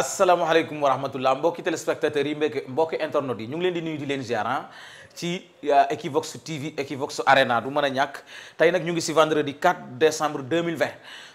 asalaamaaleykum wa rahmatullah mbokki téléspectateurs yi mbokki mbokki internautes yi ñu ngi leen di nuyu di leen ziar ah. ci euh, Equivox TV Equivox Arena du mën a ñàkk tey nag ñu ngi si vendredi 4 décembre 2020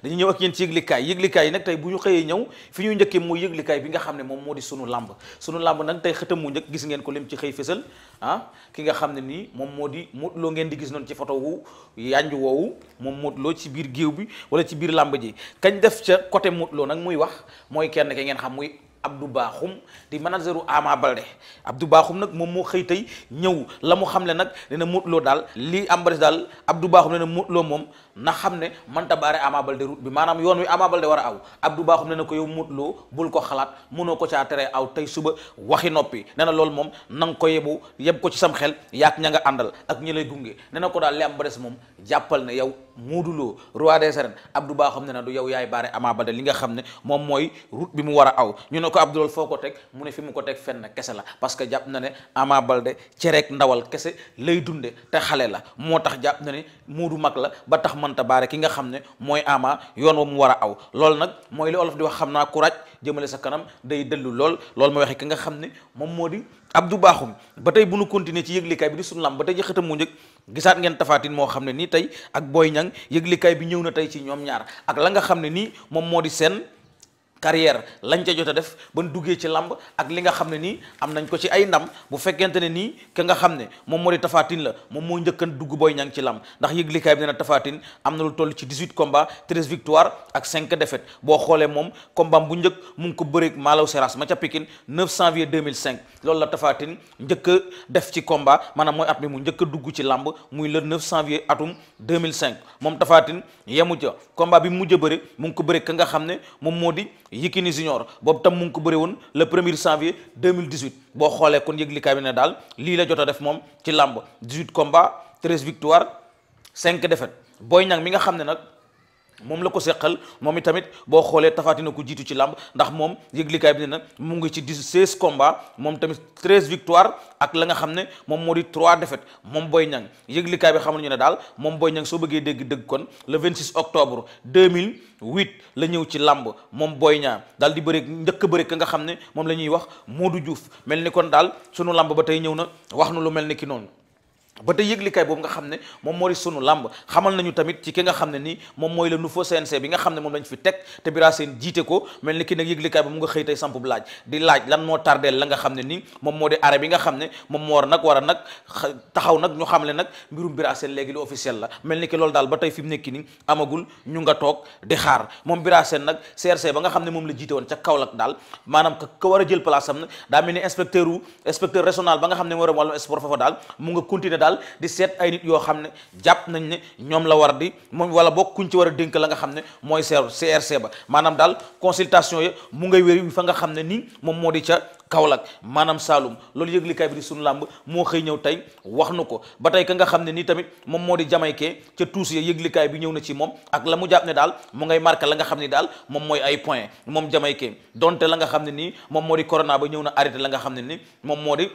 dañu ñëw ak yéen ci yëglikaay yëglikaay yi nag tey bu ñu xëyee ñëw fi ñu njëkkee mooy yëglikaay bi nga xam ne moom moo di sunu làmb sunu làmb nag tey xëtam mu njëkk gis ngeen ko lim ci xëy fësal ah ki nga xam ne nii moom moo di Modou Lo ngeen di gis noonu ci photo wu yanj woowu moom Modou Lo ci biir géew bi wala ci biir làmb ji kañ def ca côté Modou nag muy wax mooy kenn ke ngeen xam muy Abdou baaxum di manageru Ama Balde Abdou baaxum nag moom moo xëy tey ñëw la mu xamle nag dina na daal lii am ba des daal Abdou Bakhoum nee na Modou Lo moom na xam ne mënta baare Ama Baldé route bi maanaam yoon wi Ama Baldé war a aw Abdou Bakhoum ne ko yow Modou loo bul ko xalaat mënoo ko caa tere aw tey suba waxi noppi ne na loolu moom na nga ko yebu yeb ko ci sam xel yaak ña nga àndal ak ñu lay gunge ne ko daal li am ba des moom jàppal ne yow Modou Lo roi des arènes Abdou Bakhoum ne na du yow yaay baare Ama Baldé li nga xam ne moom mooy route bi mu war a aw ñu ne ko Abdou Lo foo ko teg mu ne fi mu ko teg fenn kese la parce que jàpp na ne Ama Baldé cereek ndawal kese lay dunde te xale la moo tax jàpp na ne mag la manta baare ki nga xam ne mooy ama yoon wa mu war a aw loolu nag mooy li olof di wax xam naa ku courage jëmale sa kanam day dëllu lool loolu mooy waxe ki nga xam ne moom moo di ab du Bakhoum ba tey bu nu continuer ci yëglikaay bi di sunu lam ba tey ci xëtam mu njëkk gisaat ngeen tafaatin moo xam ne nii tey ak Boy Niang yëglikaay bi ñëw na tey ci ñoom ñaar ak la nga xam ne nii moom moo di seen carrière lañ ca jot a def ban duggee ci lamb ak li nga xam ne nii am nañ ko ci ay ndam bu fekkente ne nii ki nga xam ne moom moo di tafaatin la moom moo njëkkan dugg booy ñang ci lamb ndax yëglikaay bi nee na am na lu toll ci 18 combats 13 victoires ak 5 défaites boo xoolee moom combat bu njëkk mu ngi ko bëreeg Malaw Seras ma ca Pikine 9 janvier 2005 loolu la tafaatin njëkk a ci combat maanaam mooy at mi mu njëkk a dugg ci lamb muy le 9 janvier atum 2005 moom tafaatin yemu ca combat bi mu mujj bëri mu ngi ko bëreeg ka nga xam ne moom moo di Yékini Junior boobu tam mu ngi ko bëri woon le premier janvier 2018 boo xoolee kon yëg li kaay bi ne daal lii la jot a def moom ci làmb 18 combats 13 victoires 5 défaites booy Niang mi nga xam ne nag moom la ko seqal moom i tamit boo xoolee tafaatina ko jiitu ci làmb ndax moom yëglikaay bi ne na mu ngi ci 16 combats moom tamit 13 victoire ak la nga xam ne moom moo di 3 defet moom Boy Niang yëglikaay bi xam nañu ne daal moom Boy Niang soo bëggee dégg dëgg kon le 26 octobre 2008 la ñëw ci làmb moom Boy Niang daal di bëri njëkk bëri ka nga xam ne moom la ñuy wax du Diouf mel ni kon daal sunu làmb ba tey ñëw na wax nu lu mel ni ki noonu ba tey yëglikaay boobu nga xam ne moom moo di sunu làmb xamal nañu tamit ci ki nga xam ne nii moom mooy moo tardeel la nga xam ne nii moom moo di arrêt bi nga xam ne moom a nag taxaw nag ñu xam la mel ni ki loolu daal ba tey fi mu nekki nii amagul ñu xaar moom Bira Sène nag CRC ba nga xam ne moom la jiite woon ca Kaolack daal maanaam ka ka war a jël place am na daa mel ni inspecteur u inspecteur régional ba nga xam ne moo war a wàllum sport foofa daal mu nga continuer daal daal di seet ay nit yoo xam ne jàpp nañ ne ñoom la war di moom wala bokk kuñ ci war a dénk la nga xam ne mooy CRC ba maanaam daal consultation yi mu ngay wéri fa nga xam ne nii moom moo di ca Kaolack maanaam Saloum loolu yëglikaay bi di sunu làmb moo xëy ñëw tey wax nu ko ba tey ka nga xam ne nii tamit moom moo di jamaykee ca tuus ya yëglikaay bi ñëw na ci moom ak la mu jàpp ne daal mu ngay marqué la nga xam ne daal moom mooy ay point moom ke donte la nga xam ne nii moom moo di corona ba ñëw na arrêté la nga xam ne ni moom moo di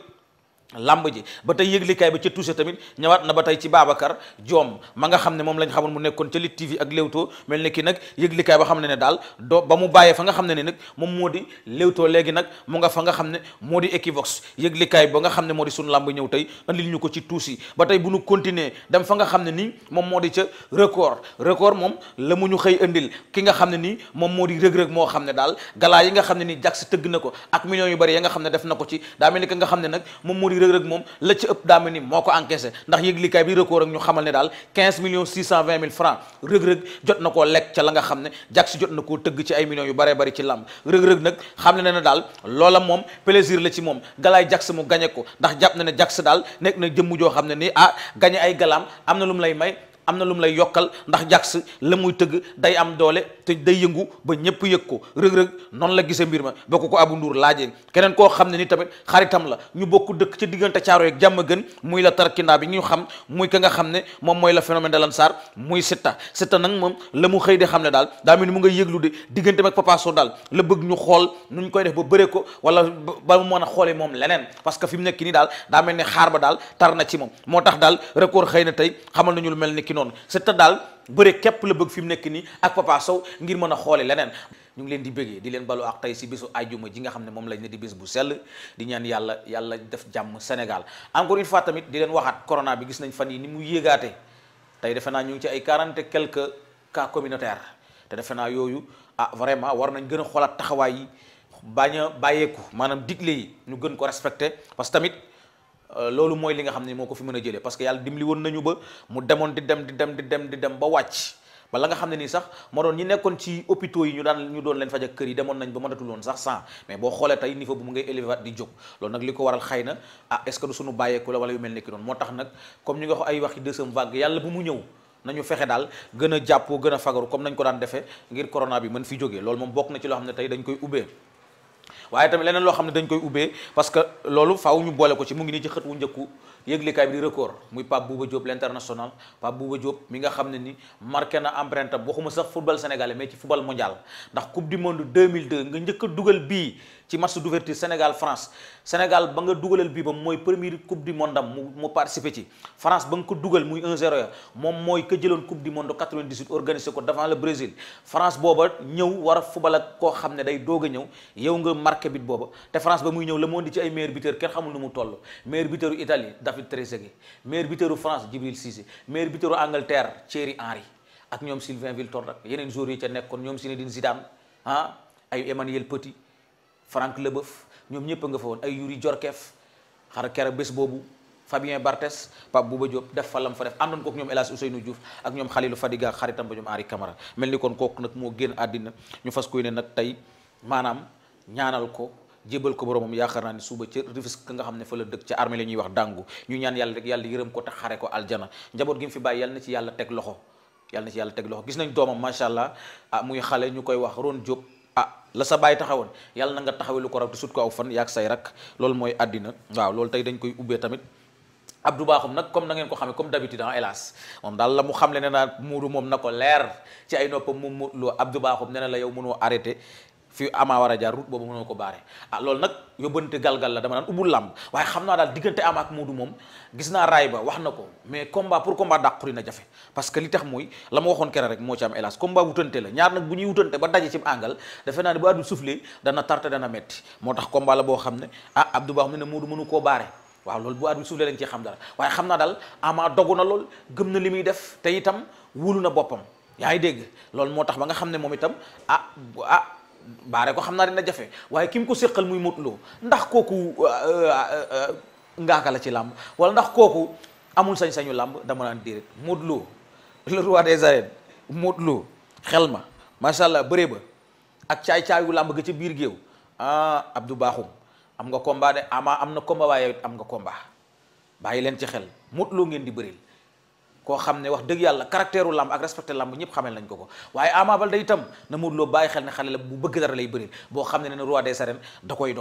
lamb ji ba tey yëglikaay ba ca touché tamit ñëwaat na ba tey ci Babacar Diom ma nga xam ne moom lañ xamoon mu nekkoon ca Lutte TV ak Leewtoo mel ni ki nag yëglikaay ba xam ne ne daal doo ba mu bàyyee fa nga xam ne ne nag moom moo di Leewtoo léegi mu nga fa nga xam ne moo di Equivox yëglikaay ba nga xam ne moo di sunu lamb ñëw tey andil ñu ko ci tuusi ba tey bu ñu continuer dem fa nga xam ne nii moom moo di ca record record moom la mu ñu xëy andil ki nga xam ne nii moom moo di rëg-rëg moo xam ne daal galaa yi nga xam ne ni jax tëgg na ko ak millions yu bari ya nga xam ne def na ko ci daa mel ni ki nga xam ne nag moom moo di yi rëg-rëg moom la ci ëpp dàmm mel ni moo ko encaissé ndax yëglikaay bi record ak ñu xamal ne daal 15 millions 620 mille francs rëg-rëg jot na koo lekk ca la nga xam ne jak jot na koo tëgg ci ay yu baree bari ci làmb rëg-rëg nag xam ne na daal loola moom plaisir la ci moom galaay jak mu gañe ko ndax jàpp na ne jak daal nekk na jëmm joo xam ne nii ah gañe ay galaam am na lu mu lay may am na lu mu lay yokkal ndax jax la muy tëgg day am doole te day yëngu ba ñëpp yëg ko rëg-rëg noonu la gisee mbir ma ba ko ko abu nduur laajee keneen koo xam ne ni tamit xaritam la ñu bokk dëkk ci diggante caaro yeeg jàmm gën muy la tarkindaa bi ñu xam muy ka nga xam ne moom mooy la phénomène de lansar muy sitta sitta nag moom la mu xëy di xam ne daal daa mel ni mu nga yëglu de diggante mag Papa Sow daal la bëgg ñu xool nu ñu koy def ba bëre ko wala ba mu mën a xoolee moom leneen parce que fi mu nekk nii daal daa mel ni xaar ba daal tar na ci moo tax daal noonu Siteu daal bëre képp la bëgg fi nekk nii ak Papa Sow ngir mën a xoole leneen ñu ngi leen di bëggee di leen balu ak tey si bisu ajjuma ji nga xam ne moom lañ ne di bis bu sell di ñaan yàlla yàlla def jàmm Sénégal encore une fois tamit di leen waxaat corona bi gis nañ fan yi ni mu yéegaate tey defe naa ñu ngi ci ay quarante quelques cas communautaire te defe naa yooyu ah vraiment war nañ gën a xoolaat taxawaay yi bañ a bàyyeeku maanaam digle yi gën ko Euh, loolu mooy li nga xam ne moo ko fi mën a jëlee parce que yàlla dimbali woon nañu ba mu demoon di dem di dem di dem ba wàcc ba la nga xam ne nii sax moo doon ñi nekkoon ci hôpitaux yi ñu daan ñu doon leen faj ak kër yi demoon nañ ba mënatul woon sax sans mais boo xoolee tey niveau bu mu ngay élevé di jóg loolu nag li ko waral xëy na ah est-ce que du suñu bàyyeeku la wala yu mel ni ki moo tax nag comme ñu nga wax ay waxi deuxième vague yàlla bu mu ñëw nañu fexe daal gën a jàppoo a fagaru comme nañ ko daan defee ngir corona bi mën fi jógee loolu moom bokk na ci loo xam ne tey dañ waaye tamit leneen loo xam ne dañ koy ubbee parce que loolu faaw ñu boole ko ci mu ngi nii ci xët wu njëkku yëglikaay bi di record muy Pape Bouba Diop l'international Pape Bouba Diop mi nga xam ne ni marqué na empreinte am waxuma sax football sénégalais mais ci football mondial ndax coupe du monde nga njëkk a dugal bii ci match d'ouverture Sénégal France Sénégal ba nga dugalal bii ba mooy première coupe du monde am mu mu participé ci France ba nga ko dugal muy 1-0 ya moom mooy ka jëloon coupe du monde 98 organisé ko devant le Brésil France booba ñëw war a koo xam ne day doog a ñëw yow nga marqué bit booba te France ba muy ñëw la moo ay meilleur buteur kenn xamul nu mu toll meilleur buteuru Italie David Trezeguet meilleur buteuru France Djibril Cissé meilleur buteuru Angleterre Thierry Henry ak ñoom Sylvain Wiltord ak yeneen joueurs yi ca nekkoon ñoom Zinedine Zidane ah ay Emmanuel Petit Franck Leboeuf ñoom ñëpp a nga fa woon ay Youri Djorkaeff xara bés boobu Fabien Barthez Pape Bouba Diop def fa fa def àndoon kook ñoom El Hadj Ousseynou Diouf ak ñoom Khalilou Fadiga ak xaritam ba ñoom Henri Camara mel ni kon kooku nag moo génn àddina ñu fas koy ne nag tey maanaam ñaanal ko jébal ko boromam yaakaar naa ne suba ca Rufisque nga xam ne fa la dëkk ca armée la ñuy wax dàngu ñu ñaan yàlla rek yàlla yërëm ko te xare ko aljana njaboot gi mu fi bàyyi yàlla na ci yàlla teg loxo yàlla na nañ doomam macha allah ah muy xale wax Ron Diop ah la sa bàyyi taxawoon yàlla na nga taxawee lu ko raw te sut ko aw fan yaag say rak loolu mooy àddina waaw loolu tey dañ koy ubbee tamit Abdou Bakhoum nag comme na ngeen ko xamee comme d'habitude ah hélas moom daal la mu xamle ne naa muuru moom na ko leer ci ay noppam moom mu na la yow mënoo arrêté fi Ama war a jaar route boobu mënoo ko baare ah loolu nag yóbbante galgal la dama naan ubbul làmb waaye xam naa daal diggante Ama ak Modou moom gis naa raay ba wax na ko mais combat pour combat dàquri na jafe parce que li tax mooy la ma waxoon kere rek moo ci am hélas combat wutante la ñaar nag bu ñuy wutante ba daje ci àngal defe naa ne bu àddul soufflé dana tarte dana metti moo tax combat la boo xam ne ah Abdou Ba xam ne Modou mënu koo baare waaw loolu bu àddul soufflé lañ ci xam dara waaye xam naa daal Ama dogu na lool gëm na li muy def te itam wóolu na boppam yaa ngi dégg loolu moo tax ba nga xam ne moom itam ah ah baare ko xam naa dina jafe waaye ki mu ko séqal muy Modou ndax kooku euh, euh, euh, ngaaka la ci làmb wala ndax kooku amul sañ-sañu làmb dama naan déedéet Modou Lo le roi des arènes xel ma macha allah ba ak caay-caayu làmb gi ci biir géew ah Abdou Bakhoum am nga komba de ama am na combat waaye am nga combat bàyyi leen ci xel Modou ngeen di bëril koo xam ne wax dëgg yàlla caractère u làmb ak respecté làmb ñëpp xamel nañ ko ko waaye Ama Baldé itam na Modou Lo bàyyi xel ne xale la bu bëgg dara lay bëri boo xam ne ne roi des arènes da koy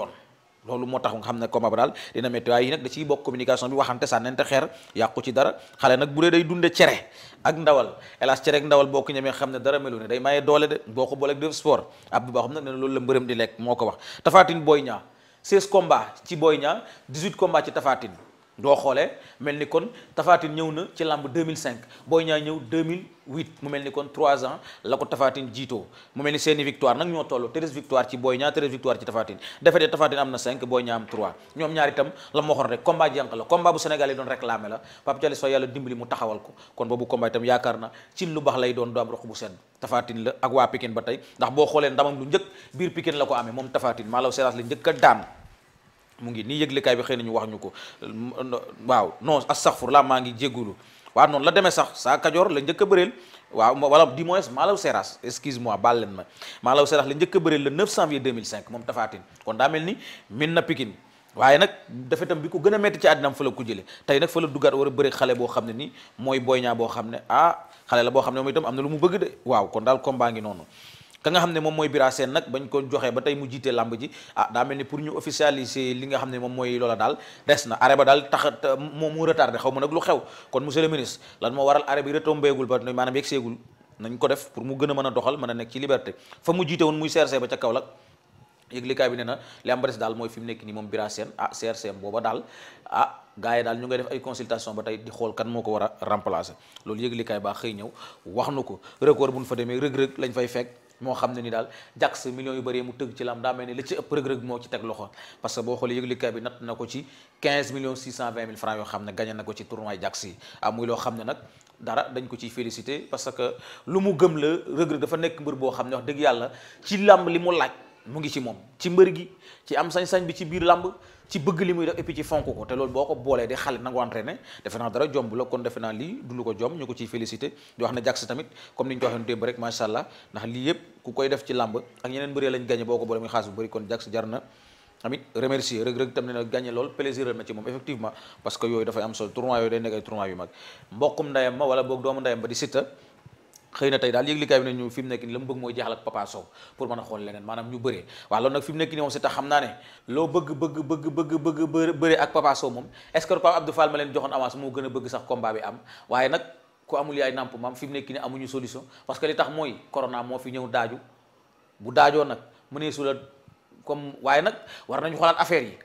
yàqu ci dara xale nag bu dee day dunde cere ak ndawal hélas cere ak ndawal boo ko ñemee xam ne dara melu ne day maye doole de boo ko booleeg def sport ab bu baax xam loolu la mbërëm di lekk moo ko wax Tapha Tine Boy Niang 16 combats ci Boy Niang 18 combats ci Tapha doo xoolee mel ni kon Tafatine ñëw na ci làmb 2005 Boy Niang ñëw 2008 mu mel ni kon 3 ans la ko Tafatine jiitoo mu mel ni seeni victoire nag ñoo toll 13 victoire ci Boy Niang 13 victoire ci Tafatine defetee Tafatine am na 5 Boy Niang am 3 ñoom ñaar itam la mu waxoon rek combat jànq la combat bu Sénégal yi doon réclamé la Pape Thialis Faye yàlla dimbali mu taxawal ko kon boobu combat itam yaakaar na cin lu lay doon do am roq bu sedd ak waa Pikine ba tey ndax boo xoolee ndamam lu njëkk biir Pikine la ko amee moom Tafatine maa law seeraas mu ngi nii yëglekaay bi xëy nañu wax ñu ko waaw non astaghfirullah maa ngi jéggulu waaw noonu la demee sax saa kajoor la njëkk a bëreel waaw wala du moins maalaw seras excuse moi baal leen ma maalaw seras la njëkk a bëreel le 9 janvier 2005 moom tafaatin kon daa mel ni min na pikin waaye nag dafa itam bi ko gën a metti ci àddinaam fa la ko jële tey nag fa la duggaat war a bëre xale boo xam ne ni mooy boy ñaa boo xam ne ah xale la boo xam ne moom itam am na lu mu bëgg de waaw kon daal baa ngi noonu ka nga xam ne moom mooy Bira Sène nag bañ ko joxee ba tey mu jiitee làmb ji ah daa mel ni pour ñu officialiser li nga xam ne moom mooy loola daal des na arrêt ba daal tax moom mu retardé xaw lu xew kon monsieur le ministre lan moo waral arrêt bi retombéegul ba maanaam yegg seegul nañ mu a mën a doxal a nekk ci liberté fa mu jiite woon muy CRC ba ca Kaolack yëglikaay li mooy fi mu nekk nii moom Bira Sène ah CRC booba daal ah daal ñu ngay def ay consultation ba tey di xool kan moo ko war a remplacer loolu yëglikaay baa xëy ñëw wax nu ko record bu ñu fa demee rëg-rëg lañ fay fekk moo xam ne ni daal jàkk sa yu bëree mu tëgg ci lam daa mel ni li ci ëpp rëg-rëg moo ci teg loxo parce que boo xoolee yëglikaay bi natt na ko ci 15 millions 620 mille francs yoo xam ne gagné na ko ci tournoi jàkk si ah muy loo xam ne nag dara dañ ko ciy félicité parce que lu mu gëm la rëg-rëg dafa nekk mbër boo xam ne wax dëgg yàlla ci làmb li mu laaj mu ngi ci moom ci mbër gi ci am sañ-sañ bi ci biir làmb ci bëgg li muy def et puis ci fonk ko te loolu boo ko boolee di xale nangu entraîné defe naa dara jomb la kon defe naa lii du lu ko jomb ñu ko ciy félicité di wax ne Jax tamit comme ni ñu ko waxee démb rek macha allah ndax lii yëpp ku koy def ci làmb ak ñeneen mbëree lañ gagné boo ko boolee muy xaalis bu bëri kon Jax jar na tamit remercier Reug Reug tam ne na gagné lool plaisir na ci moom effectivement parce que yooyu dafay am solo tournoi yooyu day nekk ay tournoi yu mag ma wala boog doomu ndayam ba di Siteu xëy na tey daal yëglikaay bi ne ñu fi nekk nii la mu bëgg mooy jeexal ak Papa pour mën a xool leneen maanaam ñu bëree waaw loolu nag fi nekk nii moom si tax xam naa ne loo bëgg bëgg bëgg bëgg bëgg bëree ak Papa Sow moom est-ce que Pape Abdou Fall ma leen joxoon avance moo gën a bëgg sax combat bi am waaye nag ku amul yaay nàmp maam fi nekk nii amuñu solution parce que li tax mooy corona moo fi ñëw daaju bu daajoo nag mënee su la comme waaye nag war nañu xoolaat affaire yi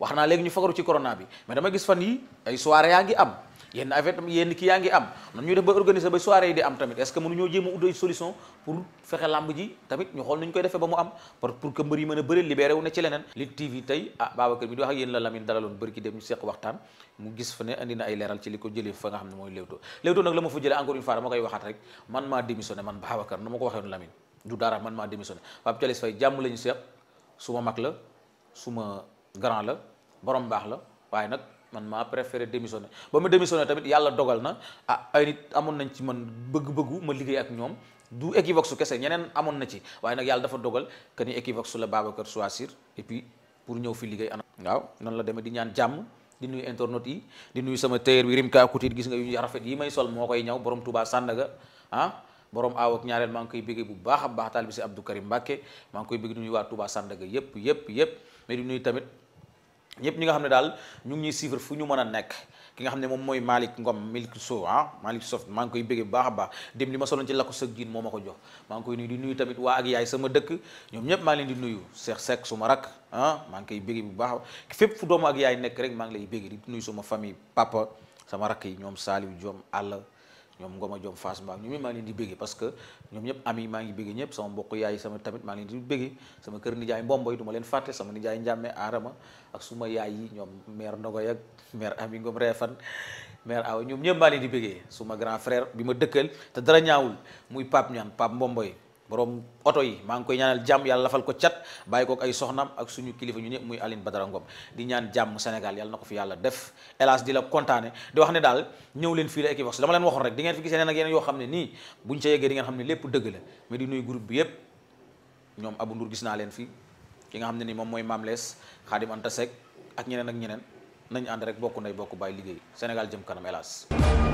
wax naa léegi ñu fagaru ci corona bi mais dama gis fan yi ay yaa ngi am yenn affaire tam yenn kii yaa ngi am noonu ñuy def ba organiser ba soirée di am tamit est-ce que mënuñoo jéem a ut ay solution pour fexe làmb ji tamit ñu xool nu ñu koy defee ba mu am pour que mbër yi mën a bëri libéré wu ne ci leneen li TV tey ah Babacar mi di wax a yéen la Lamine dalaloon bëri ki dem ñu seq waxtaan mu gis fa ne andi na ay leeral ci li ko jëlee fa nga xam ne mooy Leewtoo Leewtoo nag la ma fa jëlee encore une fois dama koy waxaat rek man ma ko waxee la ñu seq baax la waaye nag man maa préféré démissionner ba ma démissionné tamit yàlla dogal na ah ay nit amoon nañ ci man bëgg-bëggu ma liggéey ak ñoom du Equivox kese ñeneen amoon na ci waaye nag yàlla dafa dogal que ni Equivox su la Babacar Choisir et puis pour ñëw fi liggéey ana waaw noonu la demee di ñaan jàmm di nuy internautes yi di nuyu sama tailleur bi Rimka Couture gis nga yu rafet yi may sol moo koy ñaw borom Touba Sandaga ah borom aaw ak ñaareel maa ngi koy bëggee bu baax a baax taal bi si Abdou Karim Mbacke maa ngi koy bëgg di nuyu waa Touba Sandaga ñëpp ñi nga xam ne daal ñu ngi ñuy suivre fu ñu mën a nekk ki nga xam ne moom mooy Malick Ngom Malick so ah Malick Soft maa ngi koy bëgge bu baax a baax dem li ma soloon ci lakko sëg jiin moo ma ko jox maa ngi koy nuyu di nuyu tamit waa ak yaay sama dëkk ñoom ñëpp maa leen di nuyu Cheikh Seck suma rak ah maa ngi koy bëgge bu baax fépp fu doomu ak yaay nekk rek maa ngi lay bëgge di nuyu suma famille papa sama rakk yi ñoom Saliou jom àll ñoom Ngoma Diom Fass Mbaam ñu maa leen di bëgge parce que ñoom ñëpp ami maa ngi bëgge ñëpp sama mbokk yaay sama tamit maa ngi leen di bëgge sama kër nijaay mbomboy du ma leen fàtte sama nijaay njàmme aarama ak suma yaay yi ñoom mère Ndogoy ak mère ami Ngom Refan mère Awa ñoom ñëpp maa leen di bëgge suma grand frère bi ma dëkkal te dara ñaawul muy Pape ñaan Pape Mbomboy borom oto yi maa ngi koy ñaanal jàmm yàlla lafal ko cat bàyyi kook ay soxnaam ak suñu kilifa ñu ñëpp muy Aline Badara Ngom di ñaan jàmm Sénégal yàlla na ko fi yàlla def hélas di la kontaane di wax ne daal ñëw leen fii la Equivox dama leen waxoon rek di ngeen fi gis yeneen ak yeneen yoo xam ne nii buñ ca yeggee di ngeen xam ne lépp dëgg la mais di groupe bi yépp ñoom Abou Ndour gis naa leen fii ki nga xam ne nii moom mooy Mame Less Khadim Anta ak ñeneen ak ñeneen nañ ànd rek bokk nday bokk bàyyi liggéey Sénégal jëm kanam